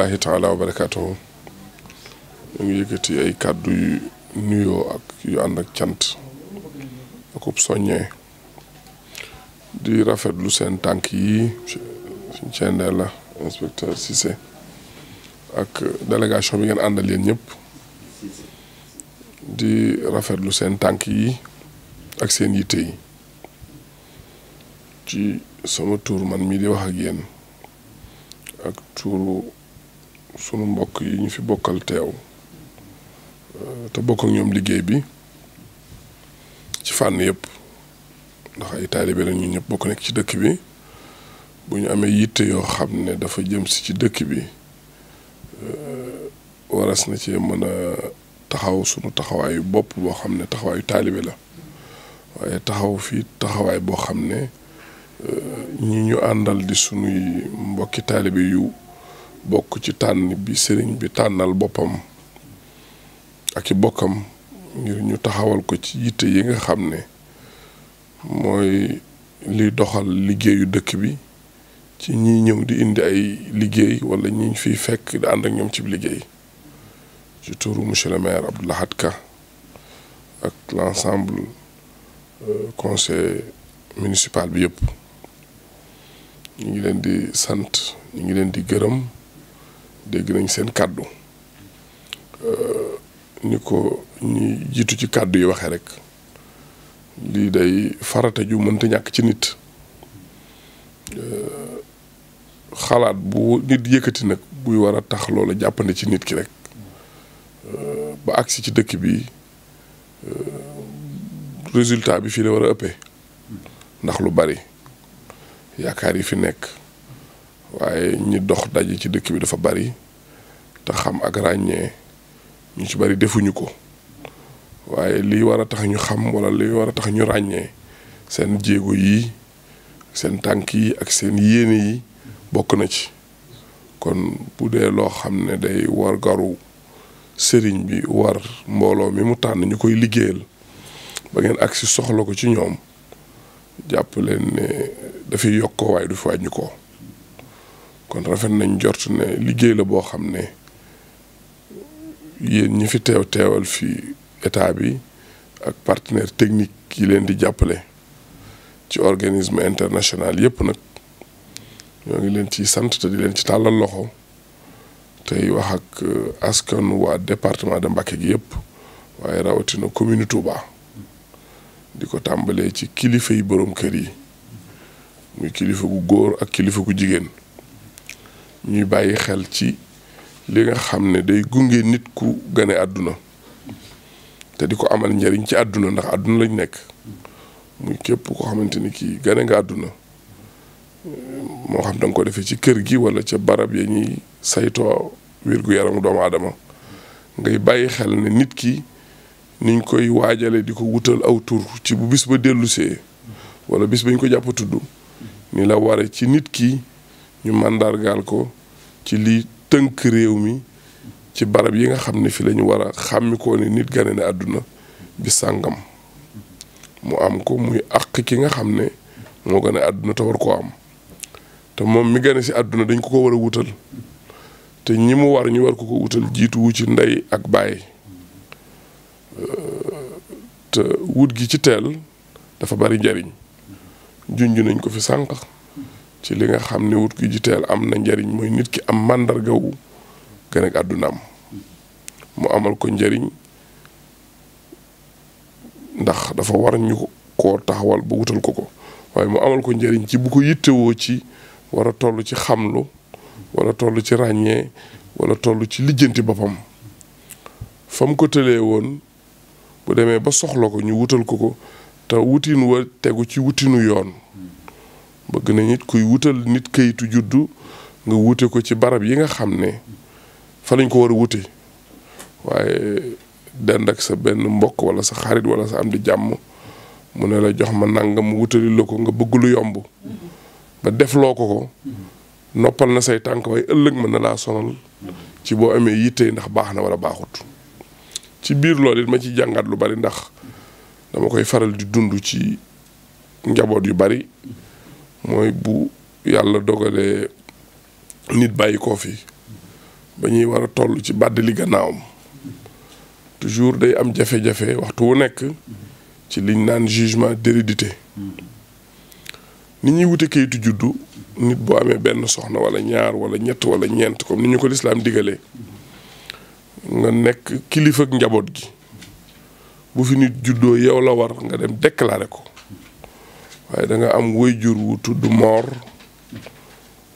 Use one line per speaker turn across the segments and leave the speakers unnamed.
rahmatullahi taala wa barakaatuhu ay kàddu yu nuyoo ak yu ànd ak cant rafetlu seen tànk yi suñ la ak délégation bi ngeen àndal yéen ñëpp di rafetlu seen tànk yi ak seen yitte yi ci sama tuur man mii di wax ak ak tuuru sunu mbokk yi ñu fi bokkal teew euh, te bokk ñoom liggéey bi ci fànn yëpp ndax ay taalibe la ñu ñëpp bokk nekk ci dëkk bi bu ñu amee yitte yoo xam ne dafa jëm si ci dëkk bi euh, waras na ci mën a taxaw sunu taxawaayu bopp boo xam ne taxawaayu taalibe la waaye taxaw fii taxawaay boo xam ne euh, ñi ñu àndal di sunuy mbokki taalibe yu bokk ci tànn bi sëriñ bi tànnal boppam ak i bokkam ngir ñu taxawal ko ci yitte yi nga xam ne mooy li doxal liggéeyu dëkk bi ci ñi ñëw di indi ay liggéey wala ñi fiy fekk di ànd ñoom ci liggéey ci turu monsieur le maire Abdou Lahad Ka ak l'ensemble euh, conseil municipal bi yëpp ñu ngi leen di sant ñu ngi leen di gërëm dégg nañ seen kàddu euh, ni ko ñi jiitu ci kàddu yi waxee rek lii day farata ju mënta ñàkk ci nit euh, xalaat bu nit yëkkati nag buy war a tax loola jàppande ci nit ki rek euh, ba agsi ci dëkk bi résultat bi fii la war a ëppe ndax lu bari yaakaar yi fi nekk waaye ñi dox daje ci dëkk bi dafa bari te xam ak ràññee ñu ci bari defuñu ko waaye li war a tax ñu xam wala li war a tax ñu ràññee seen jéego yi seen tànk yi ak seen yéene yi bokk na ci kon bu dee loo xam ne day war garu sëriñ bi war mbooloo mi mu tànn ñu koy liggéeyal ba ngeen agsi soxla ko ci ñoom jàpp leen ne dafay yokk waaye du fi wàññi ko kon rafet nañ jort ne liggéey la boo xam ne yéen ñi fi teew teewal fi état bi ak partenaire technique yi leen di jàppale ci organisme internationale yépp nag ñoo ngi leen ci sant te di leen ci tàllal loxo tey wax ak euh, askan waa département de Mbacké gi yépp waaye rawatina commune Touba di ko tàmbalee ci kilifa yi boroom kër yi muy kilifa gu góor ak kilifa gu jigéen ñuy bàyyi xel ci li nga xam ne day gunge nit ku gane àdduna te di ko amal njariñ ci àdduna ndax àdduna lañu nekk muy képp koo xamante ni kii gane nga àdduna moo xam da nga ko defee ci kër gi wala ca barab ya ñuy saytoo wér-gu-yaramu doomu aadama ngay bàyyi xel ne nit ki niñ koy waajale di ko wutal aw tur ci bu bis ba dellusee walla bis bañ ko jàpp tudd ni la ware ci nit ki ñu màndargaal ko ci lii tënk réew mi ci barab yi nga xam ne fi lañu ñu war a xàmmikoo ni nit gane ne àdduna bi sàngam mu am ko muy àq ki nga xam ne moo gane àdduna te war koo am te moom mi gane si àdduna dañ ko ko war a wutal te ñi mu war ñu war ko ko wutal jiituwu ci ndey ak baay te wut gi ci teel dafa bari njariñ junj nañ ko fi sànq ci li nga xam ne wut gi jiteel am na njariñ mooy nit ki am màndargawu gën àdduna am mu amal ko njariñ ndax dafa war ñu ko taxawal ba wutal ko ko waaye mu amal ko njariñ ci bu ko yittewoo ci war a toll ci xamlu wala tollu ci ràññee wala tollu ci lijjanti boppam fa ko tëlee woon bu demee ba soxla ko ñu wutal ko ko te wutin wa tegu ci wutinu yoon bëgg na nit kuy wutal nit kayitu juddu nga wute ko ci barab yi nga xam ne fa lañ ko war a wute waaye dend ak sa benn mbokk wala sa xarit wala sa am di jàmm mu ne la jox ma nangam wutali la ko nga bëgg lu yomb ba defloo ko ko noppal na say tànk waaye ëllëg mën na laa sonal ci boo amee yitte ndax baax na wala baaxut ci biir loolu it ma ci jàngat lu bari ndax dama koy faral di dund ci njaboot yu bari mooy bu yàlla dogalee nit bàyyi koo fi ba ñuy war a toll ci bàddali gannaawam toujours day am jafe-jafe waxtu wu nekk ci liñ naan jugement d'hérédité ni ñuy wute kayitu juddu nit boo amee benn soxna wala ñaar wala ñett wala ñeent comme ni ñu ko lislaam digalee nga nekk kilifa njaboot gi bu fi nit juddoo yow la war nga dem déclarer ko waaye da nga am waajur wu tudd moor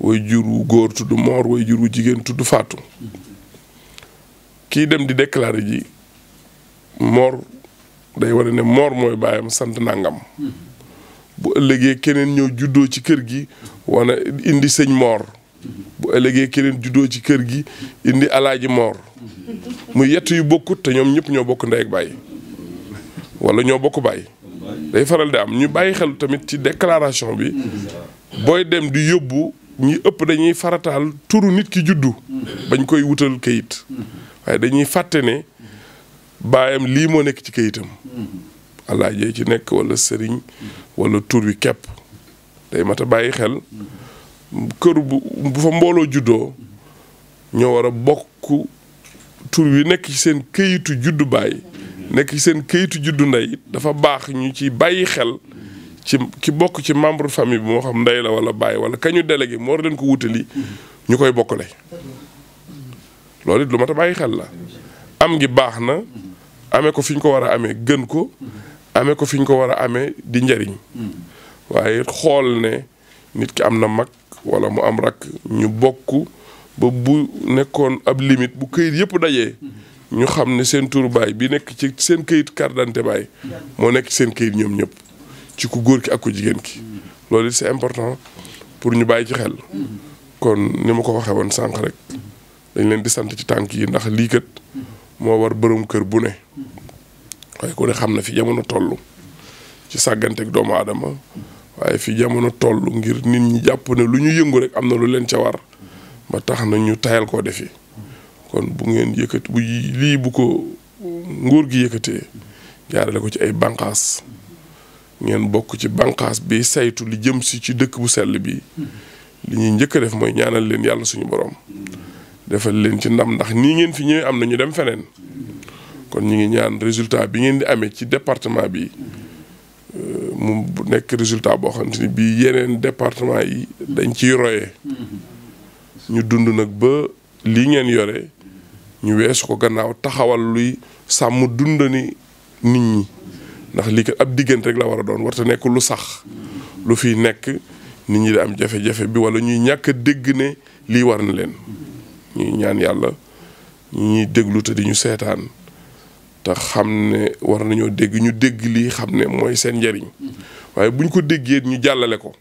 waajur wu góor tudd moor jur wu jigéen tudd faatu kii dem di déclarer ji moor day wane ne moor mooy baayam sant nangam bu ëllëgee keneen ñëw juddoo ci kër gi wane indi sëñ moor bu ëllëgee keneen juddoo ci kër gi indi alaaji moor muy yett yu bokkut te ñoom ñëpp ñoo bokk ndey ak baay wala ñoo bokk baay day faral di am ñu bàyyi xel tamit ci déclaration bi booy dem di yóbbu ñi ëpp dañuy farataal turu nit ki juddu bañ koy wutal kayit waaye dañuy fàtte ne baayam lii moo nekk ci kayitam alaajee ci nekk wala sëriñ wala tur wi kepp day mat bàyyi xel kër bu fa mbooloo juddoo ñoo war bokk tur wi nekk ci seen këyitu juddu baay nekk seen këyitu juddu ndey dafa baax ñu ci bàyyi xel ci ki bokk ci membre famille bi moo xam ndey la wala bàyyi wala kañu délégué moo war leen ko wutali ñu koy bokkale loolu it lu mat a bàyyi xel la am ngi baax na amee ko fi ñu ko war a amee gën ko amee ko fi ko war a amee di njariñ waaye xool ne nit ki am na mag wala mu am rakk ñu bokk ba bu nekkoon ab limite bu këyit yëpp dajee ñu xam ne seen turu baay bi nekk ci seen kayit carte d'identité baay moo nekk ci seen kayit ñoom ñëpp ci ku góor ki ak ku jigéen ki loolu c'est important pour ñu bàyyi ci xel kon ni ma ko waxee woon sànq rek dañ leen di sant ci tànk yi ndax lii kët moo war boroom kër bu ne waaye ku ne xam na fi jamono tollu ci sàgganteeg doomu aadama waaye fi jamono toll ngir nit ñi jàpp ne lu ñu yëngu rek am na lu leen ca war ba tax na ñu tayal koo def defi kon bu ngeen yëkkati bu lii bu ko nguur gi yëkkatee jaarale ko ci ay bànqaas ngeen bokk ci bànqaas bi saytu li jëm si ci dëkk bu sell bi li ñuy njëkk def mooy ñaanal leen yàlla suñu borom defal leen ci ndam ndax nii ngeen fi ñëwee am na ñu dem feneen kon ñu ngi ñaan résultat bi ngeen di amee ci département bi euh, mu nekk résultat boo xam xamante ni bii yeneen département yi dañ ciy roye
mm-hmm.
ñu dund nag ba lii ngeen yore ñu weesu ko gannaaw taxawal luy sàmm ni nit ñi ndax lii ko ab diggante rek la war a doon warta nekk lu sax lu fiy nekk nit ñi di am jafe-jafe bi wala ñuy ñàkk dégg ne lii war na leen ñuy ñaan yàlla ñu ñuy déglu te di ñu seetaan te xam ne war nañoo dégg ñu dégg lii xam ne mooy seen njariñ waaye bu ñu ko déggee ñu jàllale ko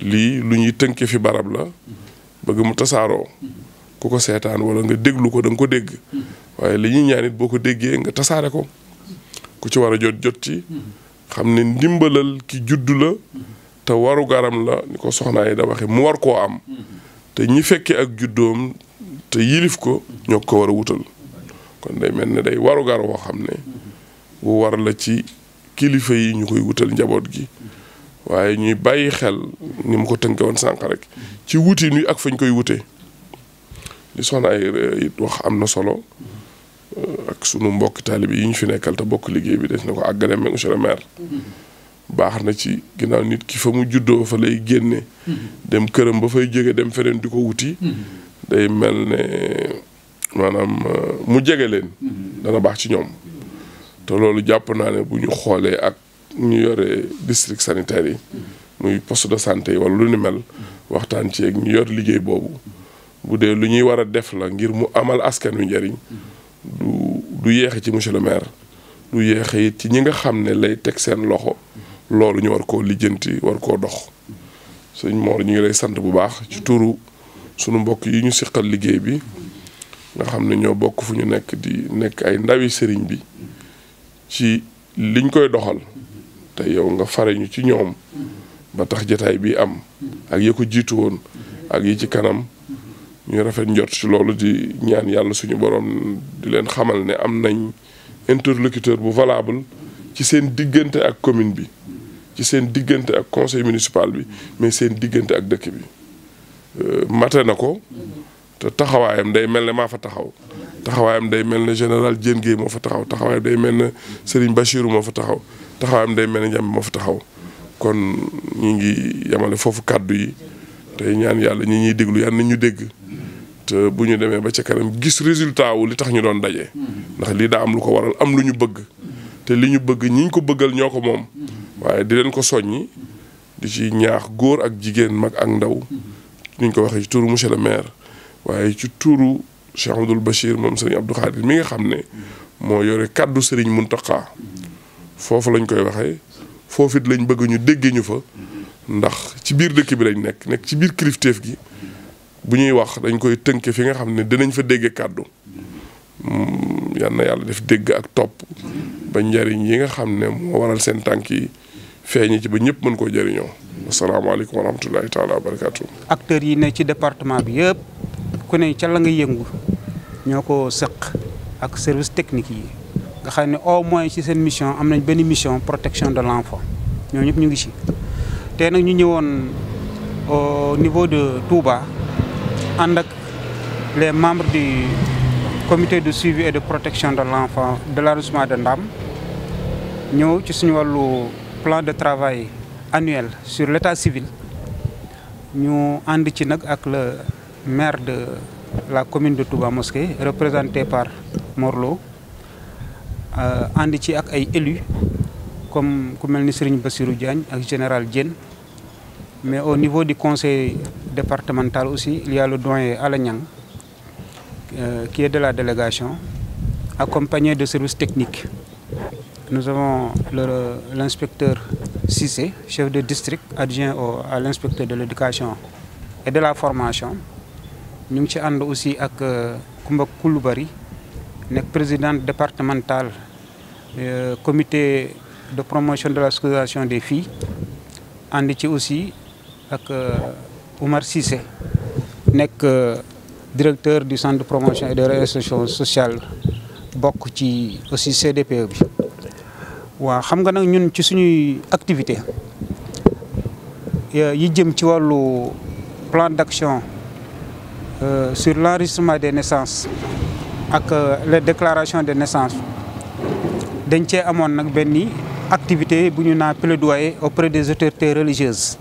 lii lu ñuy tënke fi barab la bëgg mu tasaaroo ku ko seetaan wala nga déglu ko danga ko dégg waaye li ñuy ñaan boo ko déggee nga tasaare ko ku ci war a jot jot ci xam ne ndimbalal ki juddu la te waru garam la ni ko soxnaa yi da waxe mu war koo am te ñi fekkee ak juddoom te yilif ko ñoo ko war a wutal kon day mel ne day waru gar woo xam ne bu war la ci kilifa yi ñu koy wutal njaboot gi waaye ñuy bàyyi xel ni mu ko tënke woon sànq rek ci wuti nuy ak fañ koy wute li soxna ay it wax am na solo euh, ak sunu mbokki taalibe yi ñu fi nekkal te bokk liggéey bi des na ko àggale mais monsieur le maire. baax na ci ginnaaw nit ki fa mu juddoo fa lay génne. dem këram ba fay jege dem feneen di ko wuti. day mel ne maanaam euh, mu jege leen. dana baax ci ñoom. te loolu jàpp naa ne bu ñu xoolee ak ñu yore district sanitaire yi. muy post de santé yi wala lu ni mel. waxtaan ci ak ñu yor liggéey boobu. bu dee lu ñuy war a def la ngir mu amal askan wi njariñ du du yéexe ci monsieur le maire du yéexe it ci ñi nga xam ne lay teg seen loxo loolu ñu war ko lijjanti war koo dox sëñ Mor ñu ngi lay sant bu baax ci turu sunu mbokk yi ñu siqal liggéey bi nga xam ne ñoo bokk fu ñu nekk di nekk ay ndawi sëriñ bi ci liñ koy doxal te yow nga fare ñu ci ñoom ba tax jataay bi am ak yi ko jiitu woon ak yi ci kanam ñu rafet njot ci loolu di ñaan yàlla suñu borom di leen xamal ne am nañ interlocuteur bu valable ci seen diggante ak commune bi ci seen diggante ak conseil municipal bi mais seen diggante ak dëkk bi euh, mate na ko te taxawaayam day mel ne maa fa taxaw taxawaayam day mel ne général Diène Guèye moo fa taxaw taxawaayam day mel ne Serigne Bachirou moo fa taxaw taxawaayam day mel ne Ndiamé moo fa taxaw kon ñu ngi yamale foofu kàddu yi tey ñaan yàlla ñi ñuy déglu yàlla na ñu dégg bu ñu demee ba ca kanam gis résultat wu li tax ñu doon daje. ndax lii daa am lu ko waral am lu ñu bëgg. te li ñu bëgg ñi ñu ko bëggal ñoo ko moom. waaye di leen ko soññi di ci ñaax góor ak jigéen mag ak ndaw. ni ñu ko waxee ci turu monsieur le maire waaye ci turu Cheikh Abdoul Bachir moom sëriñ Abdou Khadir mi nga xam ne. moo yore kàddu sëriñ Mountakha. foofu lañ koy waxee foofit lañ bëgg ñu déggee ñu fa. ndax ci biir dëkk bi lañ nekk nekk ci biir kilifteef gi. bu ñuy wax dañ koy tënke fii nga xam ne dinañ fa dégge kàddu mm, yal na yàlla ak topp ba njariñ yi nga xam ne moo waral seen tànk yi feeñi ci ba ñëpp mën koo jëriñoo asalaamaaleykum wa rahmatullahi taala wa barakatu
acteurs yi ne ci département bi yëpp ku ne ca la nga yëngu ñoo ko sëq ak service technique yi nga xam ne au moins ci seen mission am nañ benn mission protection de l'enfant ñoo ñëpp ñu ngi ci te nag ñu ñëwoon au niveau de Touba ànd ak les membres du comité de suivi et de protection de l'enfant de la l'arrondissement de Ndam ñëw ci suñu wàllu plan de travail annuel sur l'état civil ñu ànd ci nag ak le maire de la commune de Touba Mosquée représenté par Morlo euh, ànd ci ak ay élus comme ku mel ni Serigne Bassirou Diagne ak général Diène Mais au niveau du conseil départemental aussi, il y a le doyen Alagnang, euh, qui est de la délégation, accompagné de service techniques. Nous avons l'inspecteur Cissé, chef de district, adjoint au, à l'inspecteur de l'éducation et de la formation. ci avons aussi ak avec euh, Kumba Kouloubari, président départemental euh, comité de promotion de la scolarisation des filles. Andici aussi ak euh, Oumar Cissé nekk euh, directeur du centre de promotion et de réinsertion sociale bokk ci aussi CDPE bi waaw xam nga nag ñun ci suñuy activité euh, yi jëm ci wàllu plan d'action sur l'enregistrement des naissances ak les déclarations de naissance dañ cee amoon nag benn activité bu ñu naa plaidoyer auprès des autorités religieuses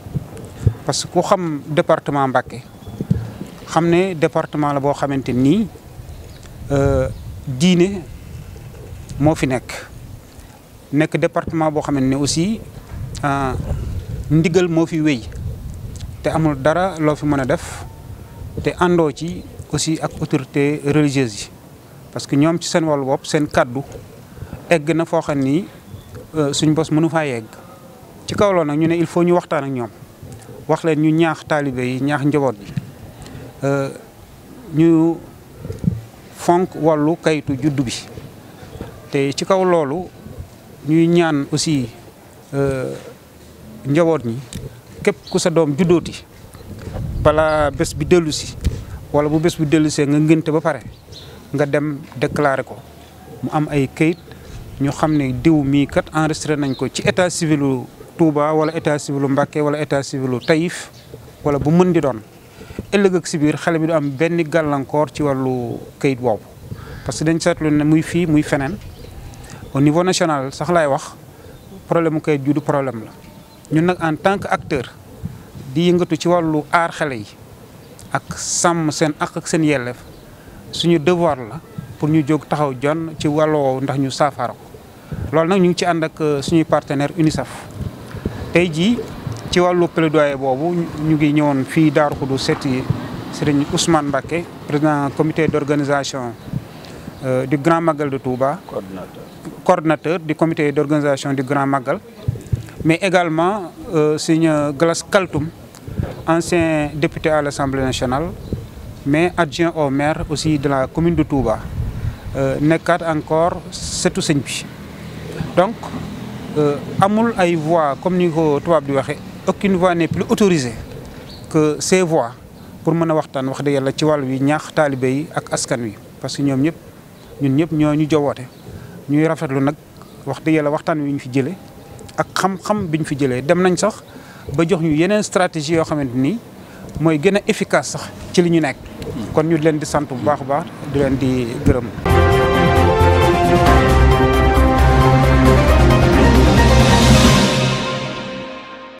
parce que ku xam département Mbacké xam ne département la boo xamante nii euh, diine moo fi nekk nekk département boo xamante ne aussi euh, ndigal moo fi wéy te amul dara loo fi mën a def te àndoo ci aussi ak autorité religieuse yi parce que ñoom ci seen wàllu bopp seen kàddu egg na foo xam ni euh, suñ bos mënu faa yegg ci kaw loolu nag ñu ne il faut ñu waxtaan ak ñoom. wax leen ñu ñaax taalibe yi ñaax njaboot bi euh, ñu fonk wàllu kayitu juddu bi te ci kaw loolu ñuy ñaan aussi euh, njaboot ñi képp ku sa doom juddooti balaa bés bi dellu si wala bu bés bu dellu see nga ngénte ba pare nga dem déclarer ko mu am ay kayit ñu xam ne diw mii kat enregistré nañ ko ci état civilu Touba wala état civil u Mbàkke wala état civil u Taïf wala bu mën di doon ëllëg ak si biir xale bi du am benn gàllankoor ci wàllu kayit boobu parce que dañ seetlu ne muy fii muy feneen au niveau national sax laay wax problème mu kayit ju du problème la ñun nag en tant que acteur di yëngatu ci wàllu aar xale yi ak sàmm seen ak ak seen yelleef suñu devoir la pour ñu jóg taxaw jon ci wàllu woowu ndax ñu saafara ko loolu nag ñu ngi ci ànd ak euh, suñuy partenaire UNICEF tey jii ci wàllu plaidoyer boobu ñu ngi ñëwoon fii Darou Khoudoss seeti Serigne Ousmane Mbacké président comité d'organisation euh, du Grand Magal de Touba. cordinateur coordonnateur du comité d'organisation du Grand Magal. mais également euh, Serigne Glass Kaltoum ancien député à l'Assemblée nationale mais adjoint au maire aussi de la commune de Touba euh, nekkaat encore setu sëñ bi donc. amul ay voies comme ni ko tubaab di waxee aucune voie n'est plus autorisée que ces pour mën a waxtaan wax dëgg yàlla ci wàll wi ñaax taalibe yi ak askan wi parce que ñoom ñëpp ñun ñëpp ñoo ñu jowoote ñuy rafetlu nag wax dëgg yàlla waxtaan wi ñu fi jëlee ak xam-xam bi fi jëlee dem nañ sax ba jox ñu yeneen stratégie yoo xamante ni mooy gën a efficace sax ci li ñu nekk hmm. kon ñu leen di sant bu baax a baax di leen di gërëm.